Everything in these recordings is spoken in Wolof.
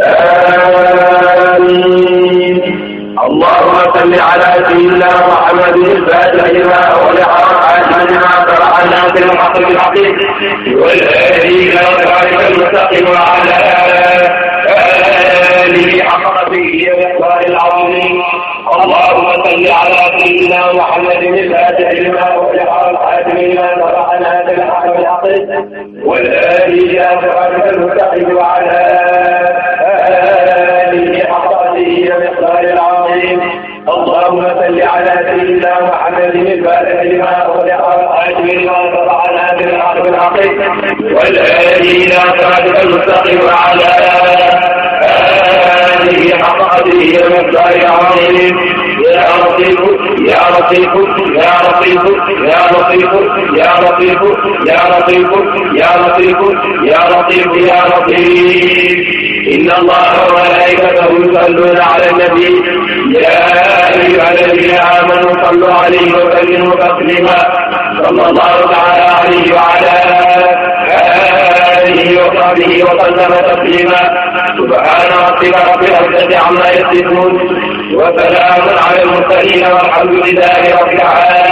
آمين اللهم صل على سيدنا محمد الفاتح لما ولح وحاتم لما شرع لنا في الحق بالحقيق والهادي الى صراطك المستقيم وعلى اله حق قدره ومقدار العظيم اللهم صل على سيدنا محمد الفاتح لما ولح وحاتم لما شرع لنا في الحق بالحقيق والهادي الى صراطك المستقيم وعلى الذي بات بما ودعت بما تبعنا بالحق بالحقيق والذين صراطك المستقيم على آله حق قدره المقدار العظيم يا لطيف يا لطيف يا لطيف يا لطيف يا لطيف يا لطيف يا لطيف يا لطيف يا لطيف إن الله وملائكته يصلون على النبي يا أيها الذين آمنوا صلوا عليه وسلموا تسليما صلى الله تعالى عليه وعلى آله آله وصحبه وسلم تسليما سبحان ربك رب العزة عما يصفون وسلام على المرسلين والحمد لله رب العالمين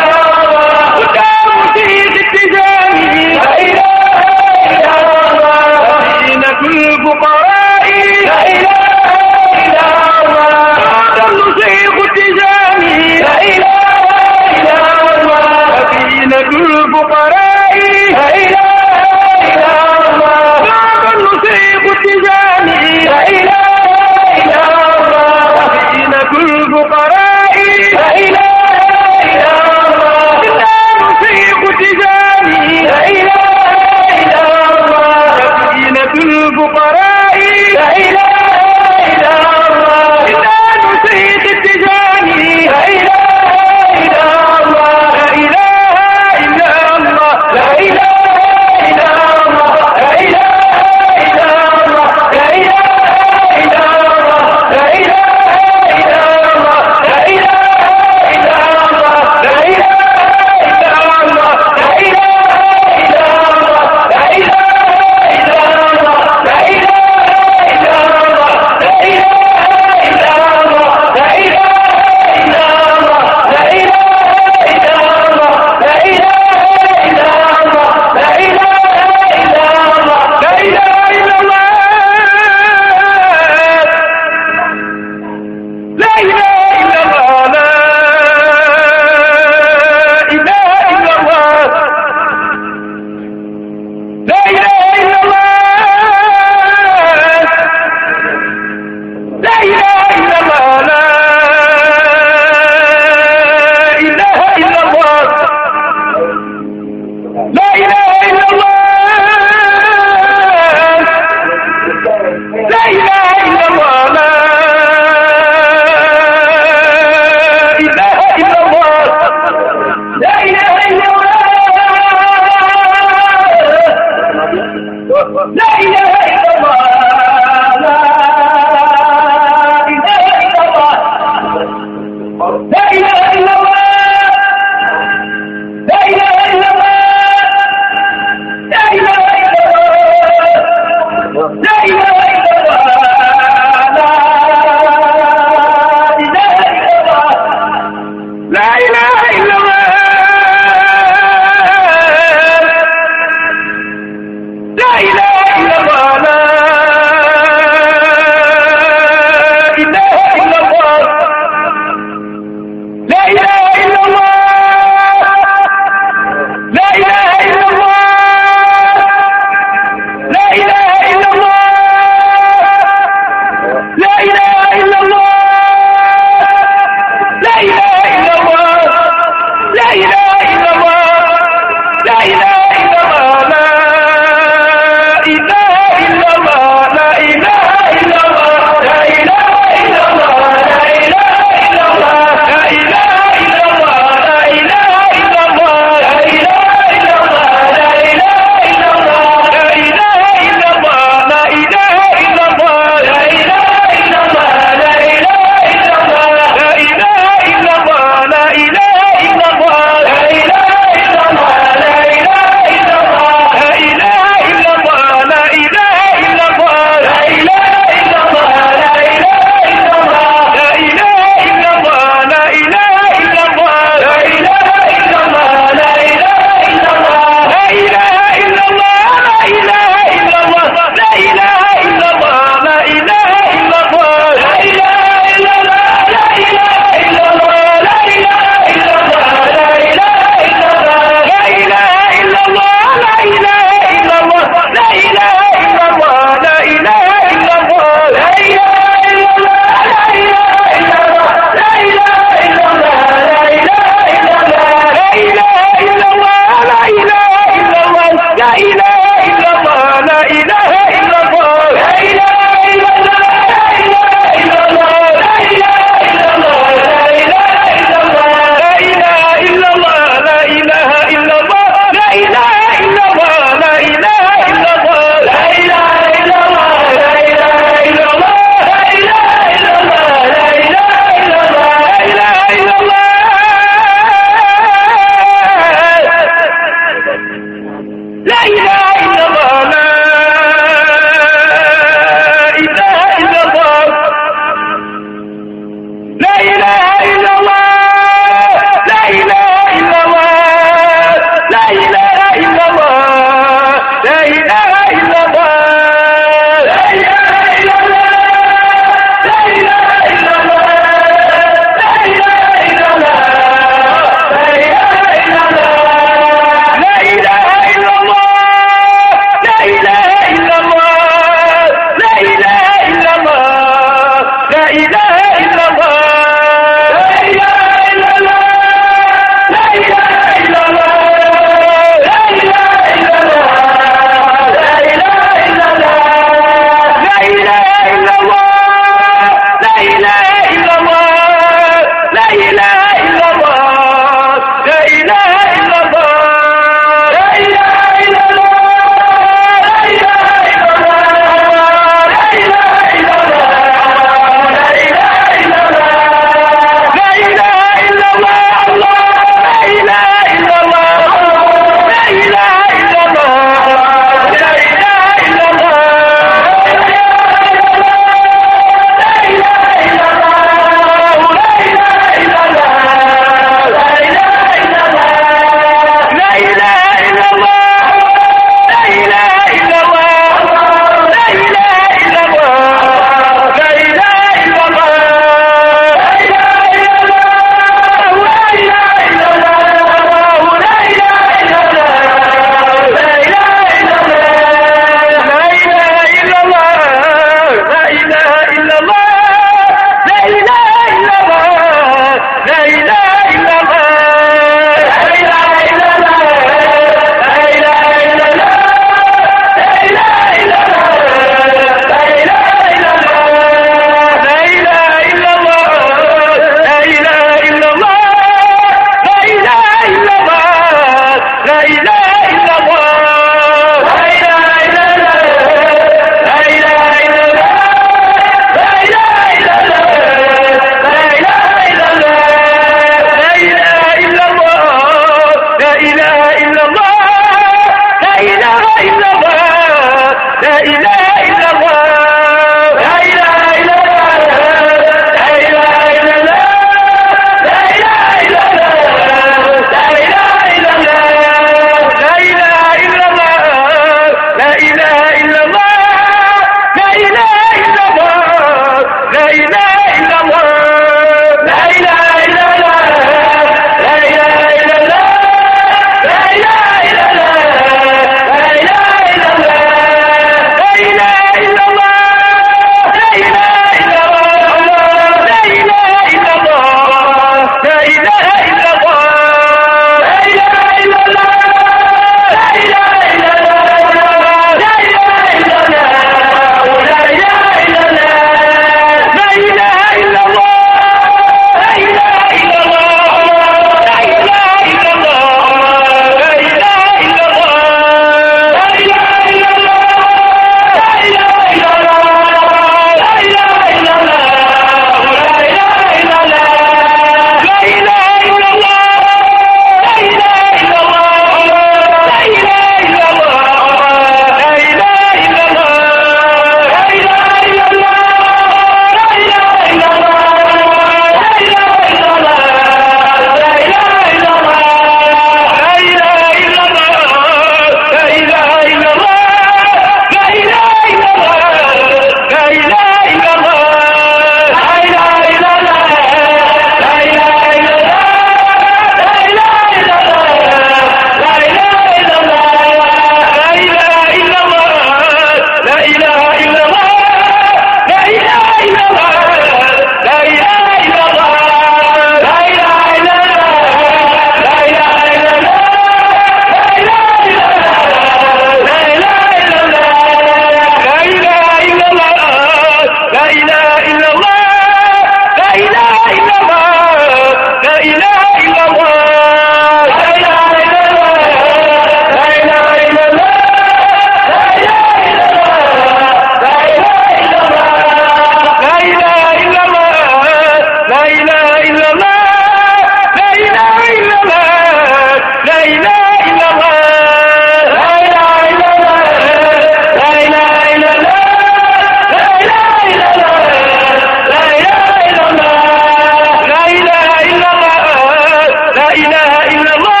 la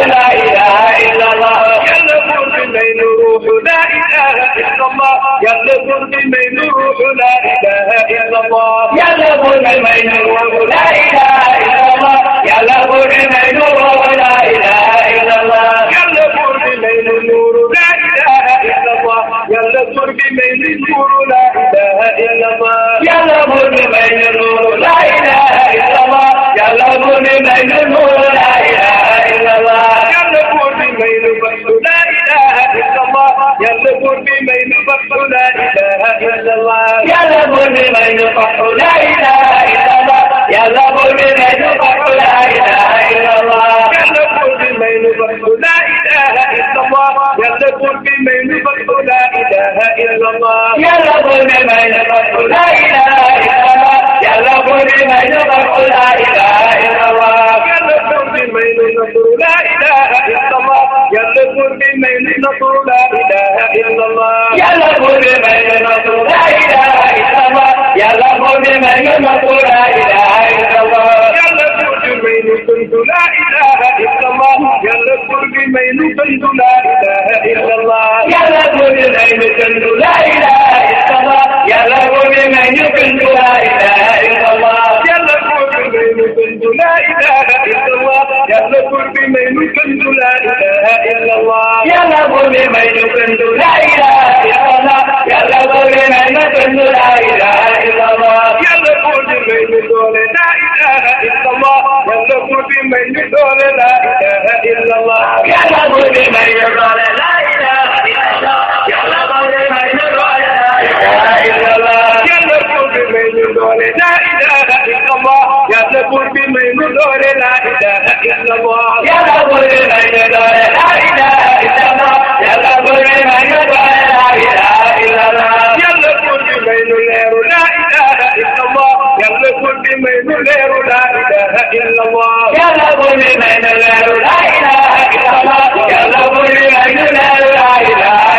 لا إله إلا الله يطلب بالليل روح لا إله إلا الله يطلب بالليل روح لا إله إلا الله يطلب بالليل روح لا إله إلا الله يطلب بالليل روح لا إله إلا الله يطلب بالليل نور لا إله إلا الله يطلب بالليل نور لا إله إلا الله يطلب بالليل نور لا إله إلا الله يطلب بالليل نور لا yàlla buur bi may nu faxu laa ilaha illa allah yàlla buur bi may nu faxu laa ilaha illa allah yàlla buur bi may nu faxu laa ilaha illa allah yàlla buur bi may nu faxu laa ilaha illa allah yàlla buur bi may nu faxu laa ilaha illa allah yàlla buur bi may nu faxu laa ilaha illa allah yàlla buur bi may nu faxu laa ilaha illa allah yàlla buur bi may nu faxu laa ilaha illa allah yàlla buur bi may na nattu la ilaha illa allah yàlla buur bi may na nattu la ilaha illa allah yàlla buur bi may na nattu la ilaha illa allah yàlla buur bi may nu tontu la ilaha illa allah yàlla buur bi may nu tontu la ilaha illa allah yàlla buur bi may nu tontu la ilaha illa allah yàlla buur bi may nu tontu la ilaha illa allah لا إله إلا الله يلا قربي may nu gëndu لا إله إلا الله yalla قربي may nu gëndu لا إله إلا الله yalla قربي may nu gëndu لا إله إلا الله yalla قربي may nu doole لا إله إلا الله yalla قربي may nu doole لا إله إلا الله yalla قربي may nu doole لا إله إلا الله yalla قربي may nu doole لا إله إلا الله yalla قربي may nu doole لا إله yàlla buur bi may nu doore laa ilaaha illallah. yàlla buur bi may nu doore laa ilaaha illallah. yàlla buur bi may nu doore laa ilaaha illallah. yàlla buur bi may nu leeru laa ilaaha illallah. yàlla buur bi may nu leeru laa ilaaha illallah. yàlla buur bi may nu leeru laa ilaaha illallah. yàlla buur bi may nu leeru laa ilaaha.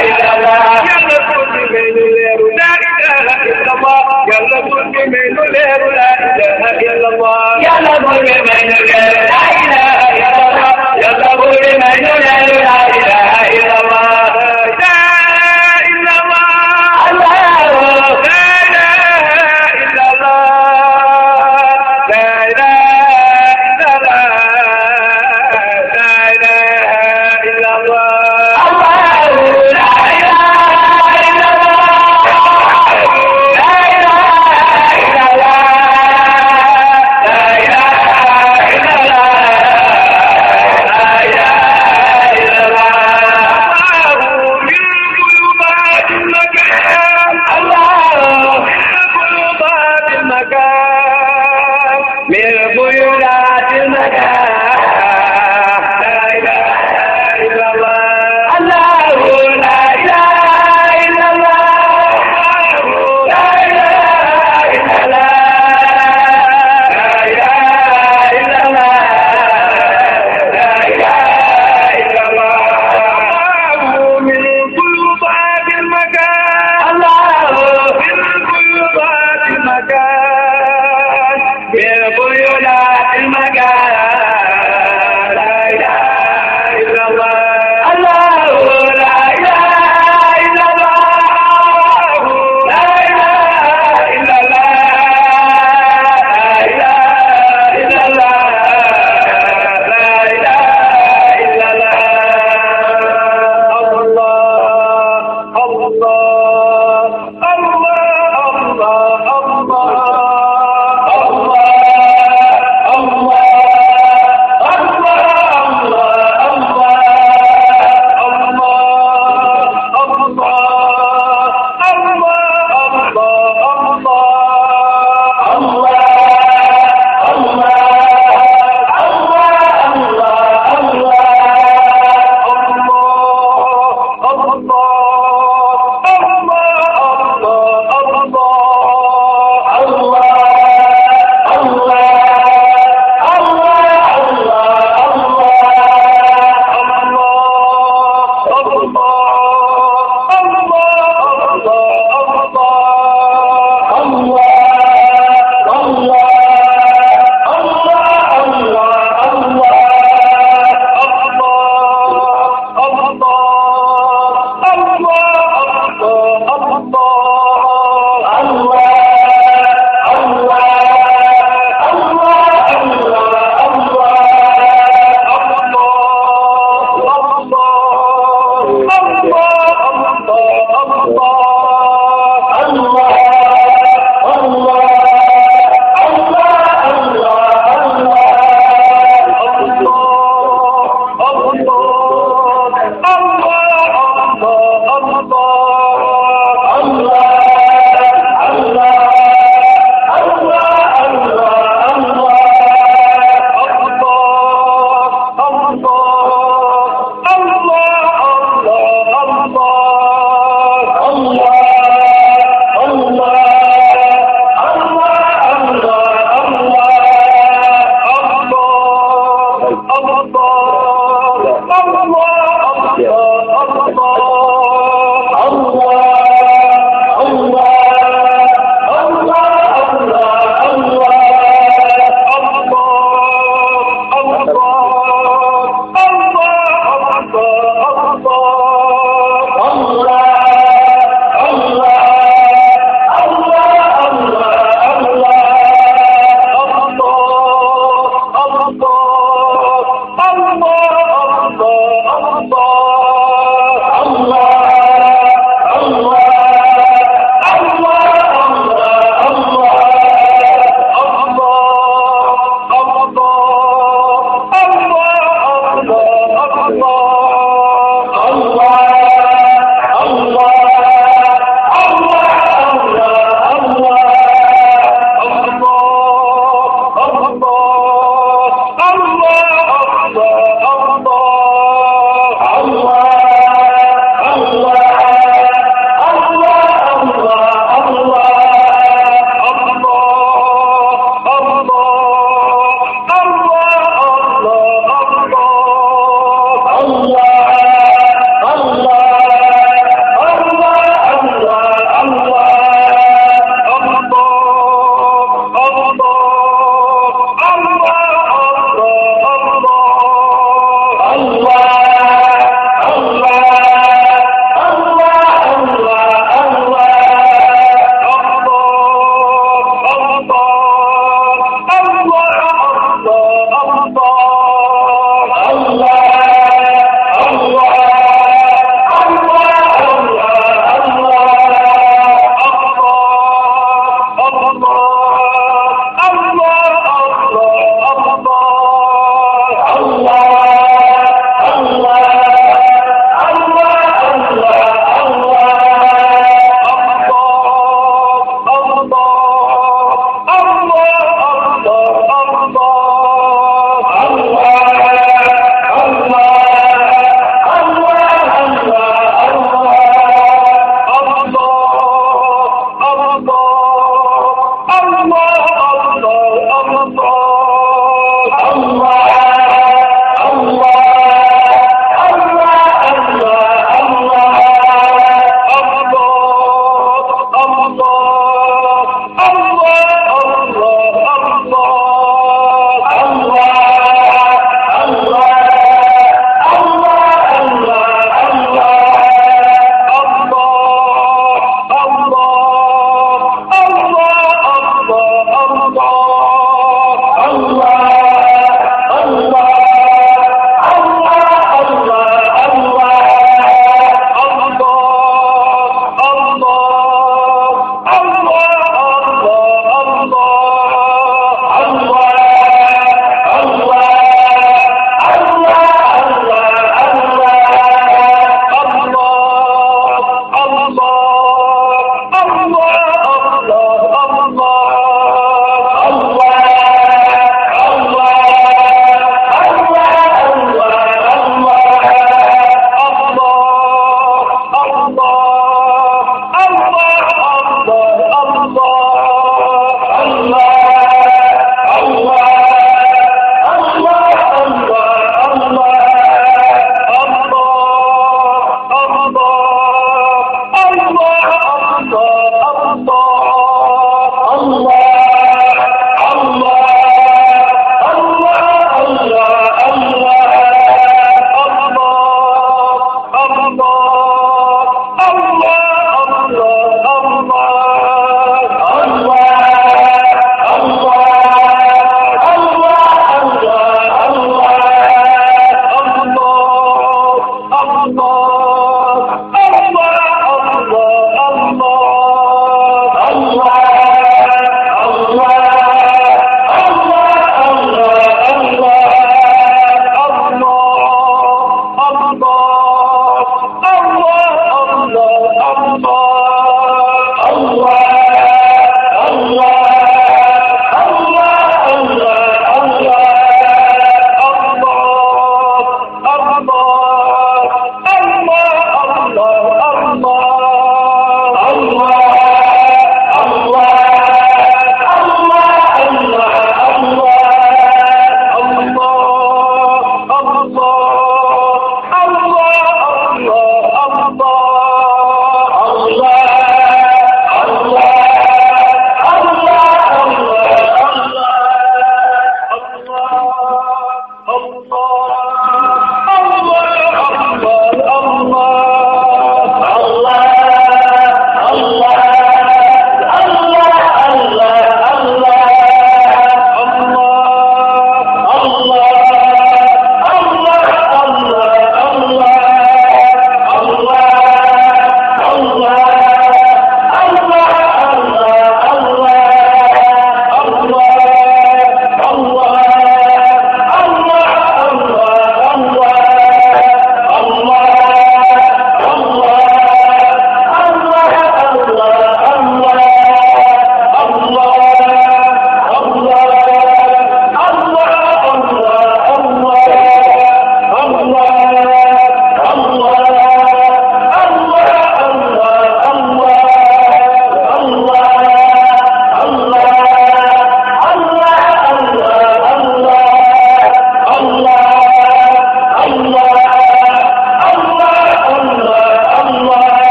yàlla buur bi may nu leeru la ilaha illallah yàlla buur bi may nu leeru la ilaha illallah yàlla buur bi may nu leeru